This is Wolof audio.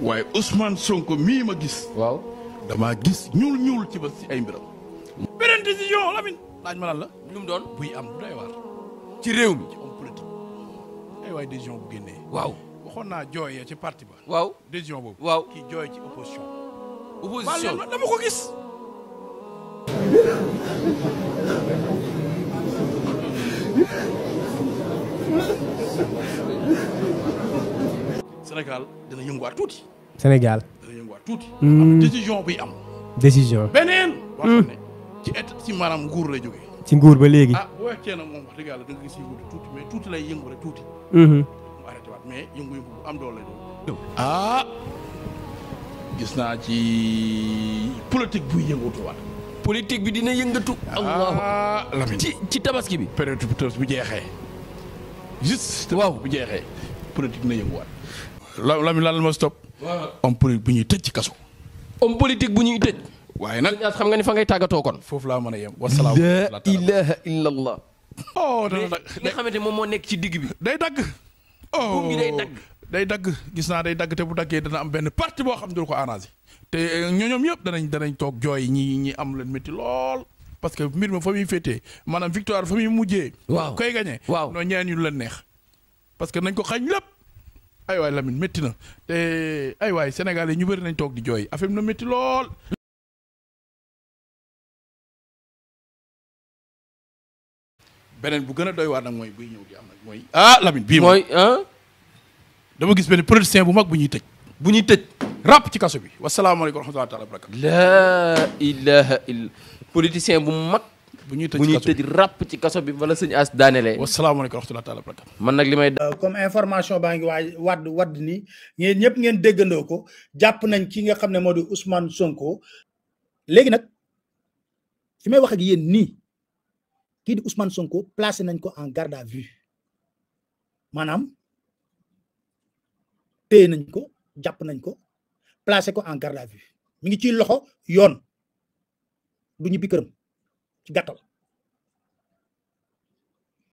waaye Ousmane Sonko mii ma gis. waaw damaa gis ñuul ñuul ci ba si ay mbiram. beneen décision Lamine laaj ma lan la lu doon buy am doy waar. ci réew mi ci homme politique ay waay décision bu génnee. waaw waxoon naa jooyee ci parti ba. waaw décision boobu. waaw kii jooy ci opposition. opposition dama ko gis. Sénégal dana yënguwaat tuuti. Sénégal dina yënguwaat tuuti. Hmm. am décision buy am. décision beneen. Hmm. ci état ci maanaam nguur la jógee. ci nguur ba léegi. ah boo yeggee yàlla da nga gis tuuti mais lay yëngu rek tuuti. Hmm. yëngu bu am doole lay doon. ah gis naa ci politique buy yëngatuwaat. politique bi dina yëngatu. Ah, allah Lamine ci ci tabaski bi. période bu jeexee. juste waaw bu jeexee politique na yënguwaat la la lan ma stop. homme politique bu ñuy tëj ci kaso. homme politique bu ñuy tëj. waaye nag xam nga ni fa ngay tàggatoo kon. foofu laa mën a yem wasalaam. la ilaha illallah. oh dana nag nga xamante moom moo nekk ci digg bi. day dagg. oh day dagg. gis naa day dagg te bu daggee dana am benn parti boo xam ne du ko arrangé te eh, ñooñoom yëpp danañ danañ toog jooy ñi ñi am leen métti lool parce que mbir ma fa muy féetee maanaam victoire fa muy mujjee. waaw koy gagné. waaw non ñeneen leen neex parce que nañ ko xañ lépp. ay waay Lamine métti na te ay waay Sénégal yi ñu bari nañ toog di jooy affaire bi na métti lool beneen bu gën a doy waar nag mooy buy ñëw di am nag mooy ah Lamine bii mooy dama gis benn politicien bu mag bu ñuy tëj bu ñuy tëj ràpp ci kaso bi wasalaamaaleykum wa rahmatulah taala wa barakatu laa ilaha illa politicien bu mag bu ñuy tëj rap ci kaso bi wala sëñ as daanelee. wasalaamaaleykum wa rahmatulah taala barakaatu. man nag li may. Euh, comme information baa ngi waaj wadd wadd ni ngeen ñëpp ngeen déggandoo ko jàpp nañ ki nga xam ne moo di Ousmane Sonko. léegi nag fi may wax ak yéen nii kii di Ousmane Sonko placé nañ ko en garde à vue maanaam téye nañ ko jàpp nañ ko placé ko en garde à vue mi ngi ciy loxo yoon du ñibbi këram. Gatão.